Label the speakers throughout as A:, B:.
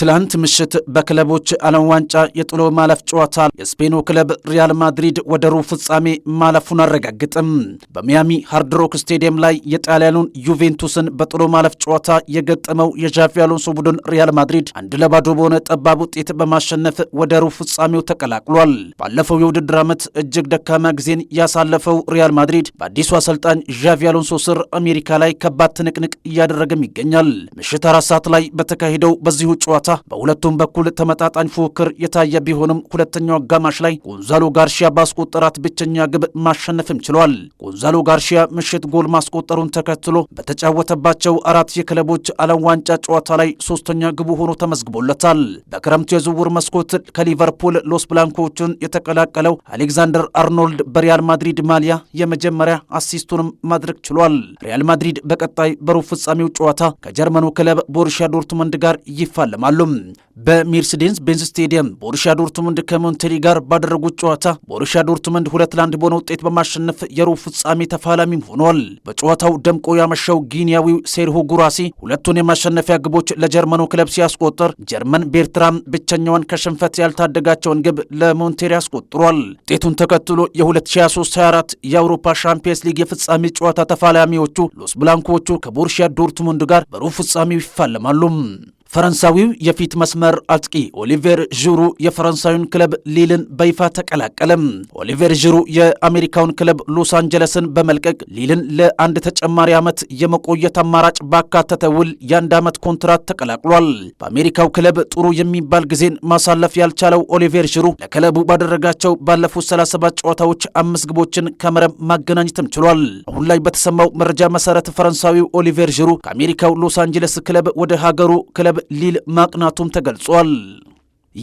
A: ትላንት ምሽት በክለቦች ዓለም ዋንጫ የጥሎ ማለፍ ጨዋታ የስፔኑ ክለብ ሪያል ማድሪድ ወደ ሩብ ፍጻሜ ማለፉን አረጋግጥም። በሚያሚ ሃርድሮክ ስቴዲየም ላይ የጣሊያኑን ዩቬንቱስን በጥሎ ማለፍ ጨዋታ የገጠመው የዣቪ አሎንሶ ቡድን ሪያል ማድሪድ አንድ ለባዶ በሆነ ጠባብ ውጤት በማሸነፍ ወደ ሩብ ፍጻሜው ተቀላቅሏል። ባለፈው የውድድር ዓመት እጅግ ደካማ ጊዜን ያሳለፈው ሪያል ማድሪድ በአዲሱ አሰልጣኝ ዣቪ አሎንሶ ስር አሜሪካ ላይ ከባድ ትንቅንቅ እያደረገም ይገኛል። ምሽት አራት ሰዓት ላይ በተካሄደው በዚሁ ጨዋታ ጨዋታ በሁለቱም በኩል ተመጣጣኝ ፉክክር የታየ ቢሆንም ሁለተኛው አጋማሽ ላይ ጎንዛሎ ጋርሺያ ባስቆጠራት ብቸኛ ግብ ማሸነፍም ችሏል። ጎንዛሎ ጋርሺያ ምሽት ጎል ማስቆጠሩን ተከትሎ በተጫወተባቸው አራት የክለቦች ዓለም ዋንጫ ጨዋታ ላይ ሶስተኛ ግቡ ሆኖ ተመዝግቦለታል። በክረምቱ የዝውውር መስኮት ከሊቨርፑል ሎስ ብላንኮችን የተቀላቀለው አሌክዛንደር አርኖልድ በሪያል ማድሪድ ማሊያ የመጀመሪያ አሲስቱንም ማድረግ ችሏል። ሪያል ማድሪድ በቀጣይ በሩብ ፍጻሜው ጨዋታ ከጀርመኑ ክለብ ቦሩሺያ ዶርትመንድ ጋር ይፋለማሉ። ይገኛሉ። በሜርሴዴስ ቤንዝ ስቴዲየም ቦሩሻ ዶርትሙንድ ከሞንቴሪ ጋር ባደረጉት ጨዋታ ቦሩሻ ዶርትሙንድ ሁለት ለአንድ በሆነ ውጤት በማሸነፍ የሩብ ፍጻሜ ተፋላሚም ሆኗል። በጨዋታው ደምቆ ያመሸው ጊኒያዊው ሴርሆ ጉራሲ ሁለቱን የማሸነፊያ ግቦች ለጀርመኑ ክለብ ሲያስቆጥር ጀርመን ቤርትራም ብቸኛዋን ከሽንፈት ያልታደጋቸውን ግብ ለሞንቴሪ አስቆጥሯል። ውጤቱን ተከትሎ የ2023/24 የአውሮፓ ሻምፒየንስ ሊግ የፍጻሜ ጨዋታ ተፋላሚዎቹ ሎስ ብላንኮቹ ከቦሩሺያ ዶርትሙንድ ጋር በሩብ ፍጻሜው ይፋለማሉ። ፈረንሳዊው የፊት መስመር አጥቂ ኦሊቬር ዥሩ የፈረንሳዩን ክለብ ሊልን በይፋ ተቀላቀለም። ኦሊቬር ዥሩ የአሜሪካውን ክለብ ሎስ አንጀለስን በመልቀቅ ሊልን ለአንድ ተጨማሪ ዓመት የመቆየት አማራጭ ባካተተ ውል የአንድ ዓመት ኮንትራት ተቀላቅሏል። በአሜሪካው ክለብ ጥሩ የሚባል ጊዜን ማሳለፍ ያልቻለው ኦሊቬር ዥሩ ለክለቡ ባደረጋቸው ባለፉት 37 ጨዋታዎች አምስት ግቦችን ከመረብ ማገናኘትም ችሏል። አሁን ላይ በተሰማው መረጃ መሰረት ፈረንሳዊው ኦሊቬር ዥሩ ከአሜሪካው ሎስ አንጀለስ ክለብ ወደ ሀገሩ ክለብ ማቅናቱም ተገልጿል።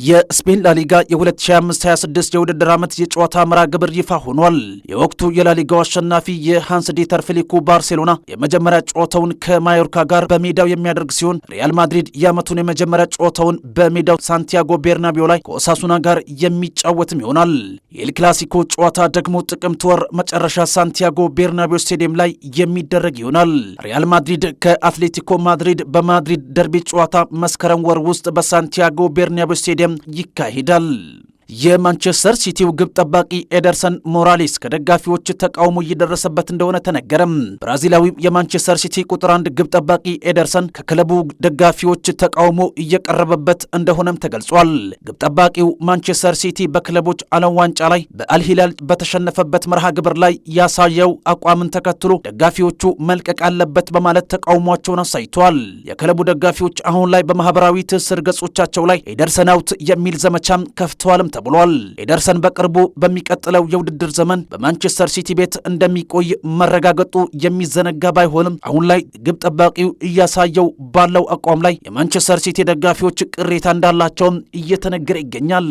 A: የስፔን ላሊጋ የ2025/26 የውድድር ዓመት የጨዋታ መርሃ ግብር ይፋ ሆኗል። የወቅቱ የላሊጋው አሸናፊ የሃንስ ዲተር ፍሊኩ ባርሴሎና የመጀመሪያ ጨዋታውን ከማዮርካ ጋር በሜዳው የሚያደርግ ሲሆን ሪያል ማድሪድ የዓመቱን የመጀመሪያ ጨዋታውን በሜዳው ሳንቲያጎ ቤርናቢዮ ላይ ከኦሳሱና ጋር የሚጫወትም ይሆናል። የኤል ክላሲኮ ጨዋታ ደግሞ ጥቅምት ወር መጨረሻ ሳንቲያጎ ቤርናቢዮ ስቴዲየም ላይ የሚደረግ ይሆናል። ሪያል ማድሪድ ከአትሌቲኮ ማድሪድ በማድሪድ ደርቤ ጨዋታ መስከረም ወር ውስጥ በሳንቲያጎ ቤርናቢዮ ሄደም ይካሄዳል። የማንቸስተር ሲቲው ግብ ጠባቂ ኤደርሰን ሞራሌስ ከደጋፊዎች ተቃውሞ እየደረሰበት እንደሆነ ተነገረም። ብራዚላዊው የማንቸስተር ሲቲ ቁጥር አንድ ግብ ጠባቂ ኤደርሰን ከክለቡ ደጋፊዎች ተቃውሞ እየቀረበበት እንደሆነም ተገልጿል። ግብ ጠባቂው ማንቸስተር ሲቲ በክለቦች ዓለም ዋንጫ ላይ በአልሂላል በተሸነፈበት መርሃ ግብር ላይ ያሳየው አቋምን ተከትሎ ደጋፊዎቹ መልቀቅ አለበት በማለት ተቃውሟቸውን አሳይቷል። የክለቡ ደጋፊዎች አሁን ላይ በማህበራዊ ትስስር ገጾቻቸው ላይ ኤደርሰን አውት የሚል ዘመቻም ከፍተዋልም ተብሏል። ኤደርሰን በቅርቡ በሚቀጥለው የውድድር ዘመን በማንቸስተር ሲቲ ቤት እንደሚቆይ መረጋገጡ የሚዘነጋ ባይሆንም አሁን ላይ ግብ ጠባቂው እያሳየው ባለው አቋም ላይ የማንቸስተር ሲቲ ደጋፊዎች ቅሬታ እንዳላቸውም እየተነገረ ይገኛል።